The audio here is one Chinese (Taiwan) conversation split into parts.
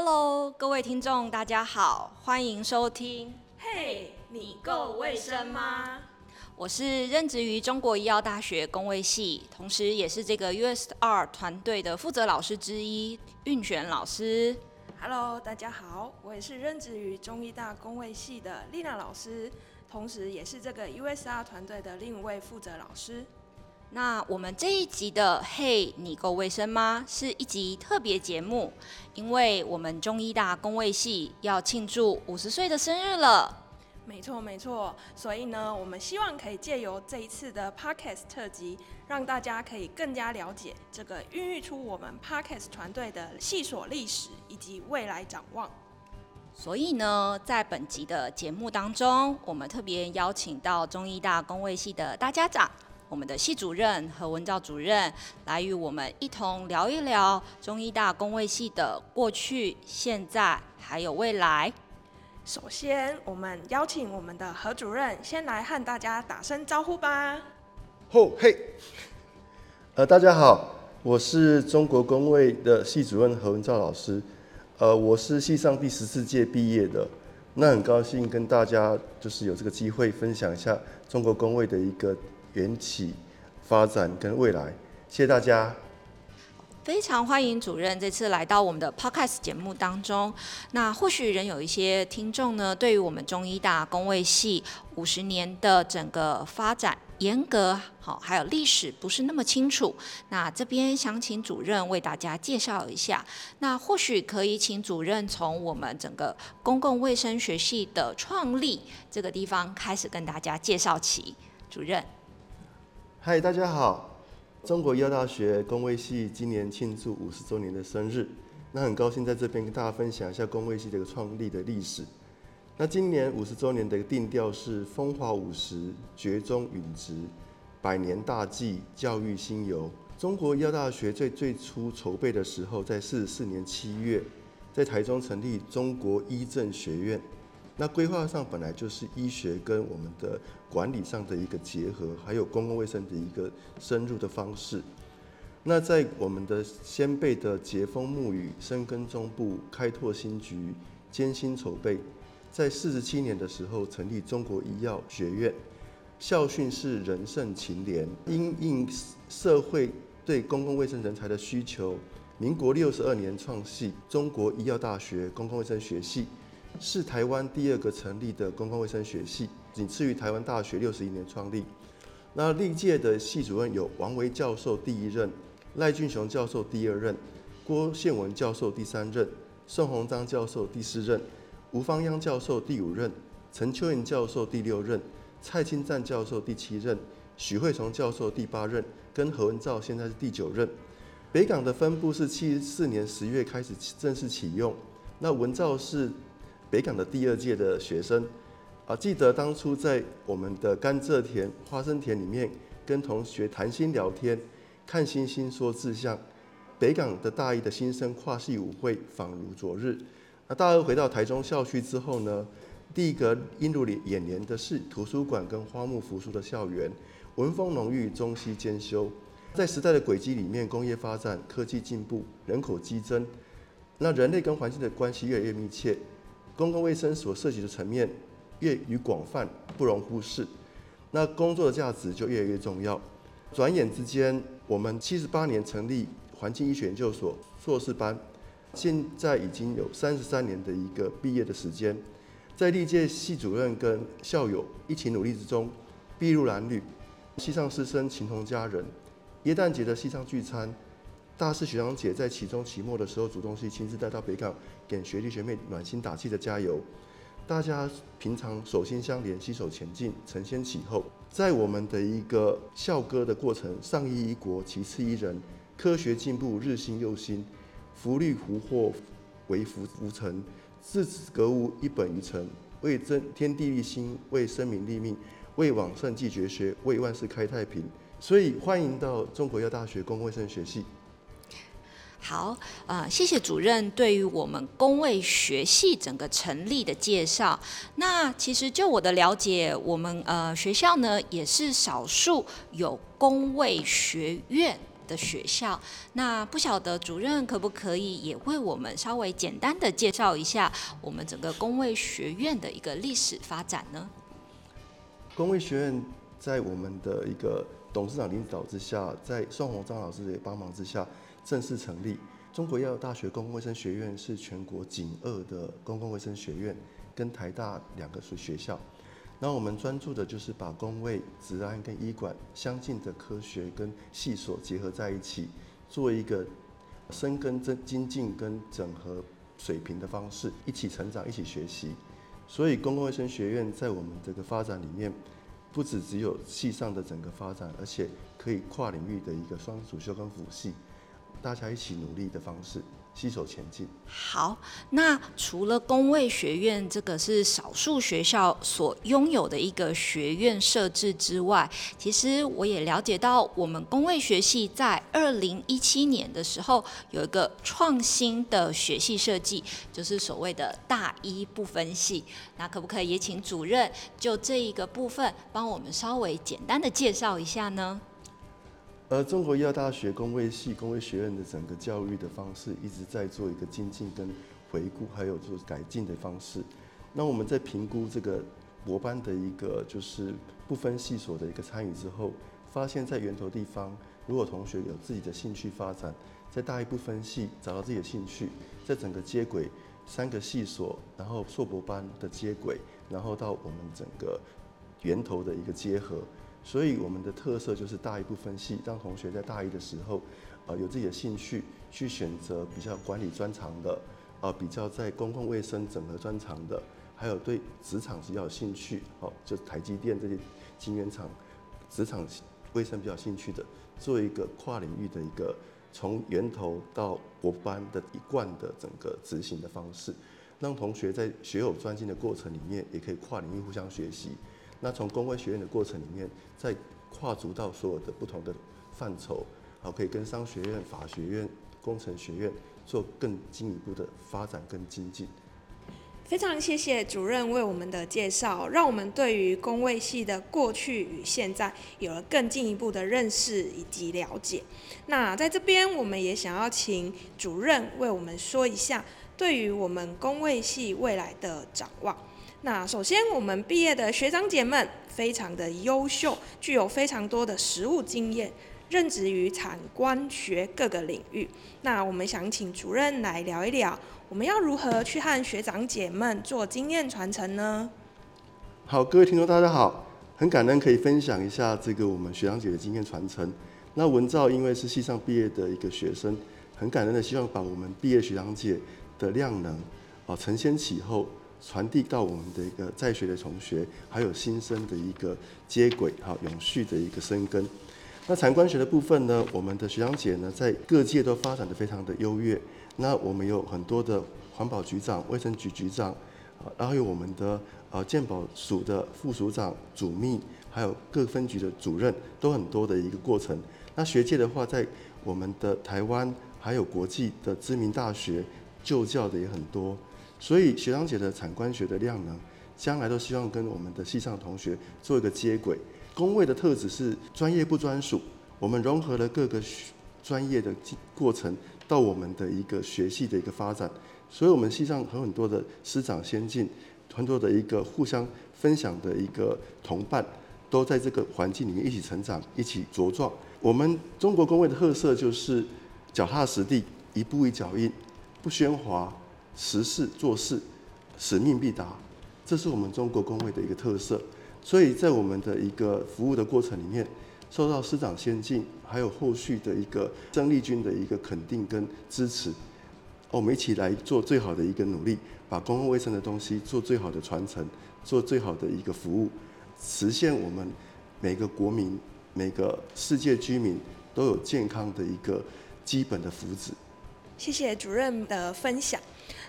Hello，各位聽眾，大家好，歡迎收聽。Hey，你夠衛生嗎？我是任職於中國醫藥大學公衛系，同時也是這個 USR 團隊的負責老師之一，韻璇老師。Hello，大家好，我也是任職於中醫大公衛系的麗娜老師，同時也是這個 USR 團隊的另一位負責老師。那我們這一集的“嘿，你夠衛生嗎？”是一集特別節目，因為我們中醫大公衛系要慶祝五十歲的生日了。沒錯，沒錯。所以呢，我們希望可以借由這一次的 Podcast 特輯，讓大家可以更加了解這個孕育出我們 Podcast 團隊的系所歷史以及未來展望。所以呢，在本集的節目當中，我們特別邀請到中醫大公衛系的大家長。我們的系主任何文照主任來與我們一同聊一聊中醫大公衛系的過去、現在還有未來。首先，我們邀請我們的何主任先來和大家打聲招呼吧。哦嘿，呃、大家好，我是中國公衛的系主任何文照老師，呃。我是系上第十四屆畢業的，那很高興跟大家就是有這個機會分享一下中國公衛的一個。緣起、發展跟未來，謝謝大家。非常歡迎主任這次來到我們的 Podcast 節目當中。那或許仍有一些聽眾呢，對於我們中醫大公衛系五十年的整個發展、沿革，好，還有歷史不是那麼清楚。那這邊想請主任為大家介紹一下。那或許可以請主任從我們整個公共衛生學系的創立這個地方開始跟大家介紹起，主任。嗨，Hi, 大家好！中國醫藥大學公衛系今年慶祝五十周年的生日，那很高興在這邊跟大家分享一下公衛系這個創立的歷史。那今年五十周年的定調是“風華五十，絕中允直，百年大計，教育新猷”。中國醫藥大學最最初籌備的時候，在四四年七月，在台中成立中國醫政學院。那規劃上本來就是醫學跟我們的管理上的一個結合，還有公共衛生的一個深入的方式。那在我們的先輩的櫛風沐雨、深耕中部、開拓新局、艱辛籌備，在四十七年的時候成立中國醫藥學院，校訓是仁慎勤廉。因應社會對公共衛生人才的需求，民國六十二年創系中國醫藥大學公共衛生學系。是台灣第二個成立的公共衛生學系，僅次於台灣大學六十一年創立。那歷屆的系主任有王維教授第一任，賴俊雄教授第二任，郭憲文教授第三任，宋鴻章教授第四任，吳方央教授第五任，陳秋瑩教授第六任，蔡清湛教授第七任，許慧松教授第八任，跟何文照現在是第九任。北港的分部是七四年十月開始正式啟用。那文照是。北港的第二屆的學生，啊，記得當初在我們的甘蔗田、花生田裡面跟同學談心聊天，看星星說志向。北港的大一的新生跨系舞會仿如昨日。那大二回到台中校區之後呢，第一個映入眼簾的是圖書館跟花木扶疏的校園，文風濃郁，中西兼修。在時代的軌跡裡面，工業發展、科技進步、人口激增，那人類跟環境的關係越來越密切。公共衛生所涉及的層面越與廣泛，不容忽視，那工作的價值就越來越重要。轉眼之間，我們七十八年成立環境醫學研究所碩士班，現在已經有三十三年的一個畢業的時間，在歷屆系主任跟校友一起努力之中，篳路藍縷，系上師生情同家人，耶誕節的系上聚餐。大四學長姐在期中、期末的時候，主動去親自帶到北港，給學弟學妹暖心打氣的加油。大家平常手心相連，攜手前進，承先啟後。在我們的一個校歌的過程，上醫醫國，其次醫人。科學進步日新又新，福慮福禍為福無成，致知格物，一本於誠，為真天地立心，為生民立命，為往聖繼絕學，為萬世開太平。所以歡迎到中國醫藥大學公共衛生學系。好，呃，謝謝主任對於我們公衛學系整個成立的介紹。那其實就我的了解，我們呃學校呢也是少數有公衛學院的學校。那不曉得主任可不可以也為我們稍微簡單的介紹一下我們整個公衛學院的一個歷史發展呢？公衛學院在我們的一個董事長領導之下，在宋鴻樟老師的幫忙之下，正式成立中國醫藥大學公共衛生學院，是全國僅二的公共衛生學院，跟台大兩個學學校，然後我們專注的就是把公衛、職安跟醫管相近的科學跟系所結合在一起，做一個深耕、增精進跟整合水平的方式，一起成長，一起學習。所以公共衛生學院在我們這個發展裡面，不只只有系上的整個發展，而且可以跨領域的一個雙主修跟輔系。大家一起努力的方式，攜手前進。好，那除了公衛學院這個是少數學校所擁有的一個學院設置之外，其實我也了解到，我們公衛學系在二零一七年的時候有一個創新的學系設計，就是所謂的“大一不分系”。那可不可以也請主任就這一個部分幫我們稍微簡單的介紹一下呢？呃，中國醫藥大學公衛系、公衛學院的整個教育的方式，一直在做一個精進跟回顧，還有做改進的方式。那我們在評估這個博班的一個就是不分系所的一個參與之後，發現在源頭地方，如果同學有自己的興趣發展，在大一不分系找到自己的興趣，在整個接軌三個系所，然後碩博班的接軌，然後到我們整個源頭的一個結合。所以我們的特色就是大一不分系，讓同學在大一的時候，啊有自己的興趣去選擇比較管理專長的，啊，比較在公共衛生整合專長的，還有對職場比較有興趣，哦，就台積電這些晶圓廠，職場衛生比較有興趣的，做一個跨領域的一個從源頭到國班的一貫的整個執行的方式，讓同學在學有專精的過程裡面，也可以跨領域互相學習。那從公衛學院的過程裡面，再跨足到所有的不同的範疇，好，可以跟商學院、法學院、工程學院做更進一步的發展跟精進。非常謝謝主任為我們的介紹，讓我們對於公衛系的過去與現在有了更進一步的認識以及了解。那在這邊，我們也想要請主任為我們說一下，對於我們公衛系未來的展望。那首先，我們畢業的學長姐們非常的優秀，具有非常多的實務經驗，任職於產官學各個領域。那我們想請主任來聊一聊，我們要如何去和學長姐們做經驗傳承呢？好，各位聽眾，大家好，很感恩可以分享一下這個我們學長姐的經驗傳承。那文照因為是系上畢業的一個學生，很感恩的希望把我們畢業學長姐的量能，啊，承先啟後。傳遞到我們的一個在學的同學，還有新生的一個接軌，哈，永續的一個生根。那產官學的部分呢，我們的學長姐呢，在各界都發展得非常的優越。那我們有很多的環保局長、衛生局局長，啊，然後有我們的呃健保署的副署長、主秘，還有各分局的主任，都很多的一個過程。那學界的話，在我們的台灣，還有國際的知名大學，就教的也很多。所以學長姐的產官學的量能，將來都希望跟我們的系上的同學做一個接軌。公衛的特質是專業不專屬，我們融合了各個專業的過程到我們的一個學系的一個發展。所以，我們系上和很多的師長先進，很多的一個互相分享的一個同伴，都在這個環境裡面一起成長，一起茁壯。我們中國公衛的特色就是腳踏實地，一步一腳印，不喧嘩。實事做事，使命必達，這是我們中國公衛的一個特色。所以在我們的一個服務的過程裡面，受到師長先進，還有後續的一個生力軍的一個肯定跟支持。我們一起來做最好的一個努力，把公共衛生的東西做最好的傳承，做最好的一個服務，實現我們每個國民、每個世界居民都有健康的一個基本的福祉。謝謝主任的分享。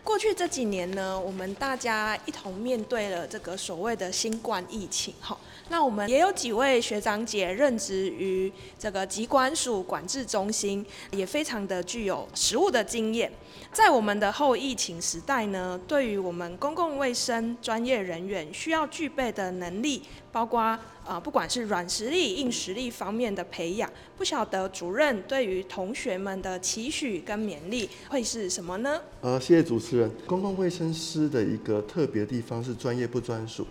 過去這幾年呢，我們大家一同面對了這個所謂的新冠疫情，吼。那我們也有幾位學長姐任職於這個疾管署管制中心，也非常的具有實務的經驗。在我們的後疫情時代呢，對於我們公共衛生專業人員需要具備的能力，包括啊、呃，不管是軟實力、硬實力方面的培養，不曉得主任對於同學們的期許跟勉勵會是什麼呢？呃，謝謝主持人。公共衛生師的一個特別地方是專業不專屬，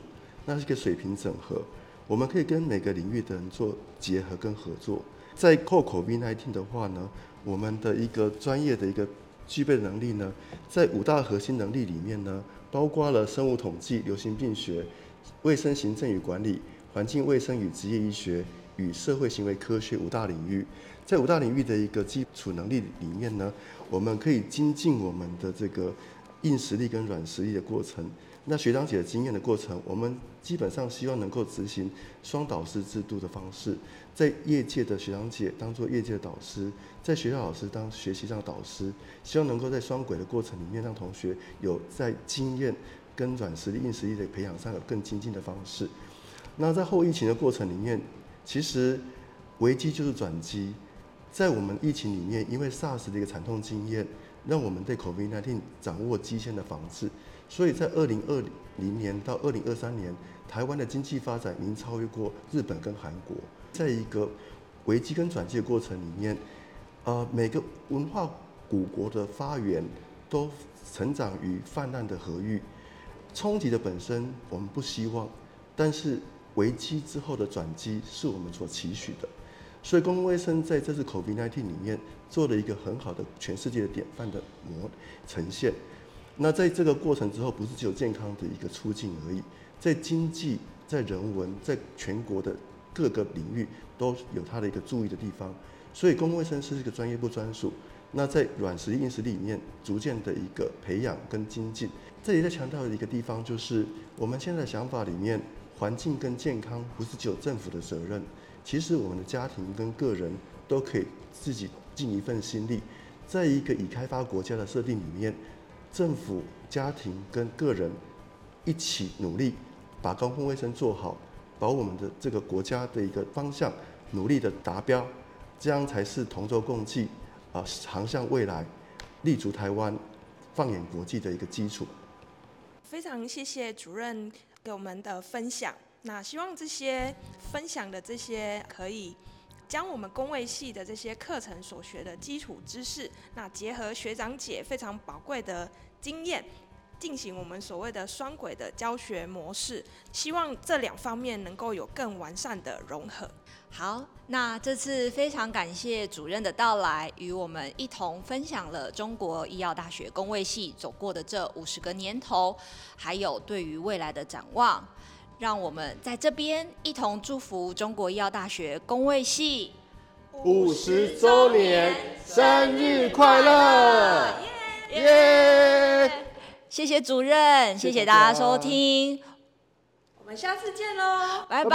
那是一個水平整合。我們可以跟每個領域的人做結合跟合作，在 COVID-19 的話呢，我們的一個專業的一個具備能力呢，在五大核心能力裡面呢，包括了生物統計、流行病學、衛生行政與管理、環境衛生與職業醫學與社會行為科學五大領域，在五大領域的一個基礎能力裡面呢，我們可以精進我們的這個硬實力跟軟實力的過程。那學長姐的經驗的過程，我們基本上希望能夠執行雙導師制度的方式，在業界的學長姐當做業界的導師，在學校老師當學習上的導師，希望能夠在雙軌的過程裡面讓同學有在經驗跟軟實力、硬實力的培養上有更精進的方式。那在後疫情的過程裡面，其實危機就是轉機，在我們疫情裡面，因為 SARS 的一個慘痛經驗，讓我們對 COVID-19 掌握基線的防治。所以在二零二零年到二零二三年，台灣的經濟發展已經超越過日本跟韓國。在一個危機跟轉機的過程裡面，呃，每個文化古國的發源都成長於泛濫的河域，衝擊的本身我們不希望，但是危機之後的轉機是我們所期許的。所以公共衛生在這次 COVID-19 裡面做了一個很好的全世界的典範的模呈現。那在這個過程之後，不是只有健康的一個促進而已，在經濟、在人文、在全國的各個領域都有它的一個注意的地方。所以，公共衛生是一個專業不專屬。那在軟實力、硬實力裡面，逐漸的一個培養跟精進。這裡在強調的一個地方就是，我們現在的想法裡面，環境跟健康不是只有政府的責任，其實我們的家庭跟個人都可以自己盡一份心力。在一個已開發國家的設定裡面。政府、家庭跟個人一起努力，把公共衛生做好，把我們的這個國家的一個方向努力的達標，這樣才是同舟共濟啊，航向未來，立足台灣，放眼國際的一個基礎。非常謝謝主任給我們的分享，那希望這些分享的這些可以。將我們公衛系的這些課程所學的基礎知識，那結合學長姐非常寶貴的經驗，進行我們所謂的雙軌的教學模式，希望這兩方面能夠有更完善的融合。好，那這次非常感謝主任的到來，與我們一同分享了中國醫藥大學公衛系走過的這五十個年頭，還有對於未來的展望。讓我們在這邊一同祝福中國醫藥大學公衛系五十周年生日快樂！耶耶！謝謝主任，謝謝，謝謝大家收聽，我們下次見嘍，拜拜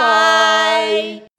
bye。Bye bye